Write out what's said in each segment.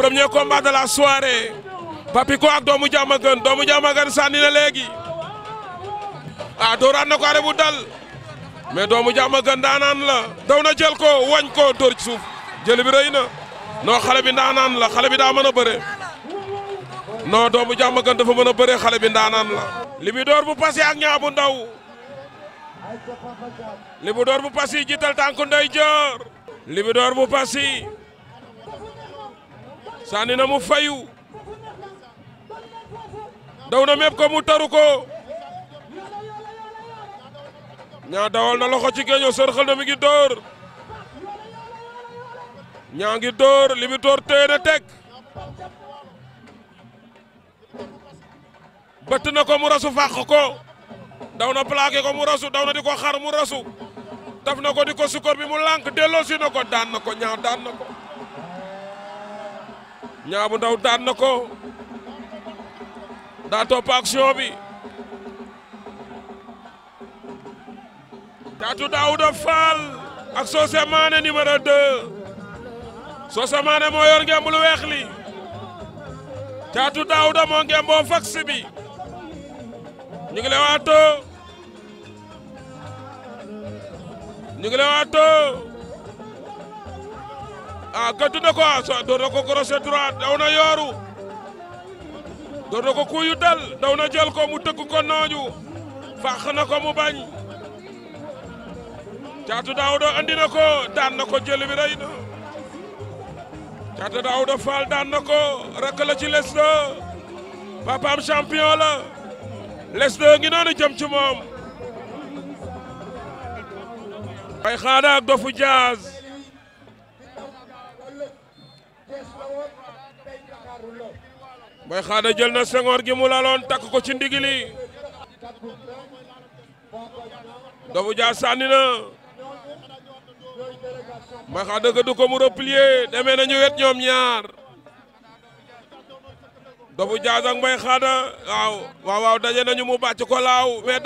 premier combat de la soirée Papiko ak doomu Diamaguène doomu Diamaguène sànni na léegi ah ko arrêt bu dal mais doomu Diamaguène daanaan la daw na jël ko wañ ko dóor ci suuf jël bi rëy na non xale bi ndaanaan la xale bi daa mën a bëre non doomu Diamaguène dafa mën a bëre xale bi ndaanaan la. li bi door bu passé ak ñaa bu ndaw li bu door bu passé jiital tànku ndeyjoor li bi door bu passé. sani na mu fayu daw na mepp ko mu taru ko nya dawal na loxo ci géeñoo sërxal na mi gi dor nya gi dor limi dor dóor tek bat na ko mu rasu fakh ko daw na plaqué ko mu rasu daw na diko xar mu rasu taf na ko diko sukor bi mu lank delo na ko dan ko ñaa daan ko ñaa bu ndaw daan na ko daa topp action bi Caatu Daouda Fall ak Socé Mané numéro 2 Socé Mané moo yor ngemb lu weex li Caatu Daouda moo ngemboo fax bi ñu ngi lewaatoo ñu ngi lewaatoo ah gëdd na ko door na ko crochet droit daw na yooru door ko kuyu dal daw na jël ko mu tëgg ko nooju fàq na ko mu bañ caatu daawda andi ko daan na ko jël bi rey na caatu daawda faal daan na ko rakk ci les na papaam la les ngi noonu jëm ci moom. bay xaana dofu jaaz Boy Xaada jël na sengoor gi mu laloon takk ko ci ndigili Doomu Dia sànni na Boy Xaada gëdd ko mu replier demee nañu wet ñoom ñaar Doomu Dia ak Xaada waaw waaw waaw daje nañu mu bàcc ko laaw mais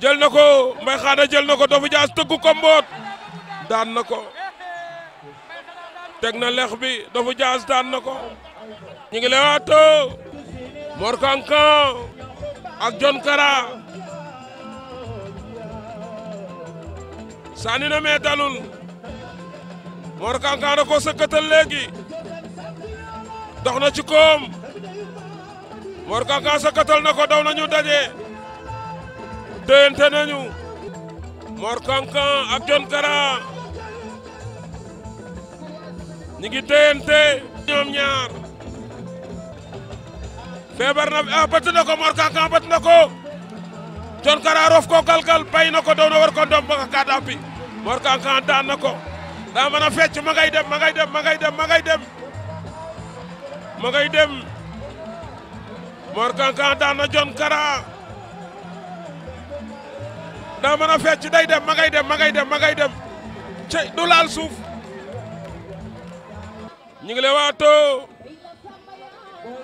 jël na ko Boy Xaada jël na ko Doomu Dia tëggu ko mboot daan na ko teg na lex bi dafa jaas daan na ko ñu ngi lewaato Mor Kang ak John Kara sànni na mee dalul Mor Kang Kang da ko sëkkatal dox na ci koom Mor Kang Kang sëkkatal na ko daw nañu daje déyante nañu Mor Kang ak John Kara ñi ngi téyante ñoom ñaar feebar na a ah, bat na ko Mor na ko John Kara roof ko kalkal bay na ko doon na war ko doom ba ka dampi Mor Kankan daan ko daa mën a fecc ma dem magay dem magay dem ma ngay dem ma ngay dem Mor na daa mën a fecc day dem ma ngay dem ma dem ma dem cey du suuf ñu ngi lewaatoo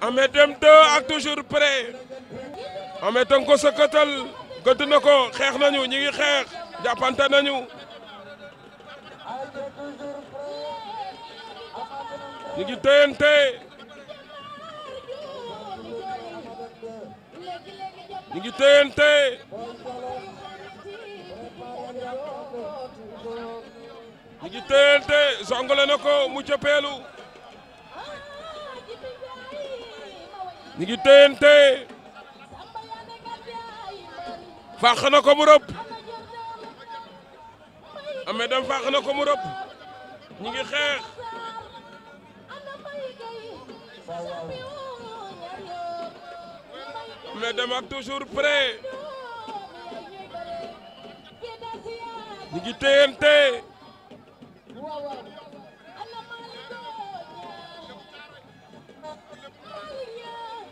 Ameth Deme 2 ak toujours prêt Ameth ko sëkkatal gëdd na ko xeex nañu ñu ngi xeex jàppante nañu ñu ngi téyante ñu ngi téyante ñu na ko mu cëppeelu ñu ngi téyante fàq na ko mu rëbb amee dem fàq ko mu rëbb ñu ngi xeex amee dem ak toujours prêt ñu ngi téyante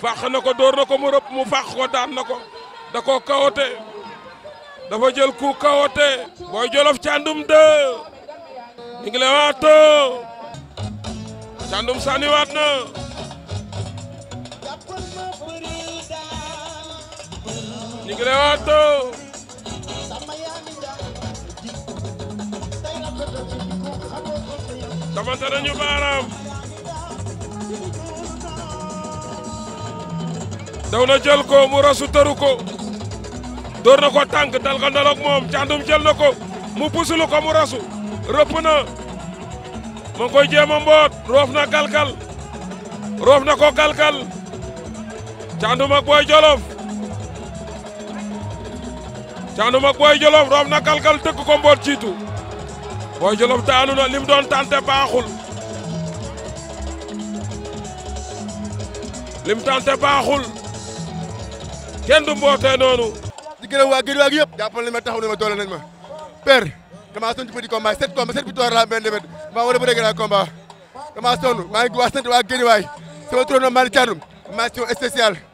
fàq na ko dóor na ko mu rëpp mu fàq ko daan na ko da koo kawote dafa jël ku kawote booy jolof càndum dë ñu ngi lay waato càndum sànniwaat na ñu ngi lay waato damante nañu baaraam dawna jël ko mu rasu teru ko dor na ko tank dal ga ndal ak mom càndum jël nako mu pusulu ko mu rasu rëpp na ma koy jema mbot mboot na kalkal roof na ko galgal càndum ak boy jolof càndum ak boy jolof roof na kalkal tëkk ko mbot jiitu boy jolof taanu na lim doon tante baaxul lim tante baaxul kenn du mbootee noonu. di gërëm waa Guédiawaye yëpp jàppal nañ ma taxaw na ma doole nañ ma père damaa sonn ci petit combat sept combat sept victoire la am benn défaite maa war a bëre grand combat damaa sonn maa ngi waa sant waa Guédiawaye sama turam Malick Thiandoum mention spéciale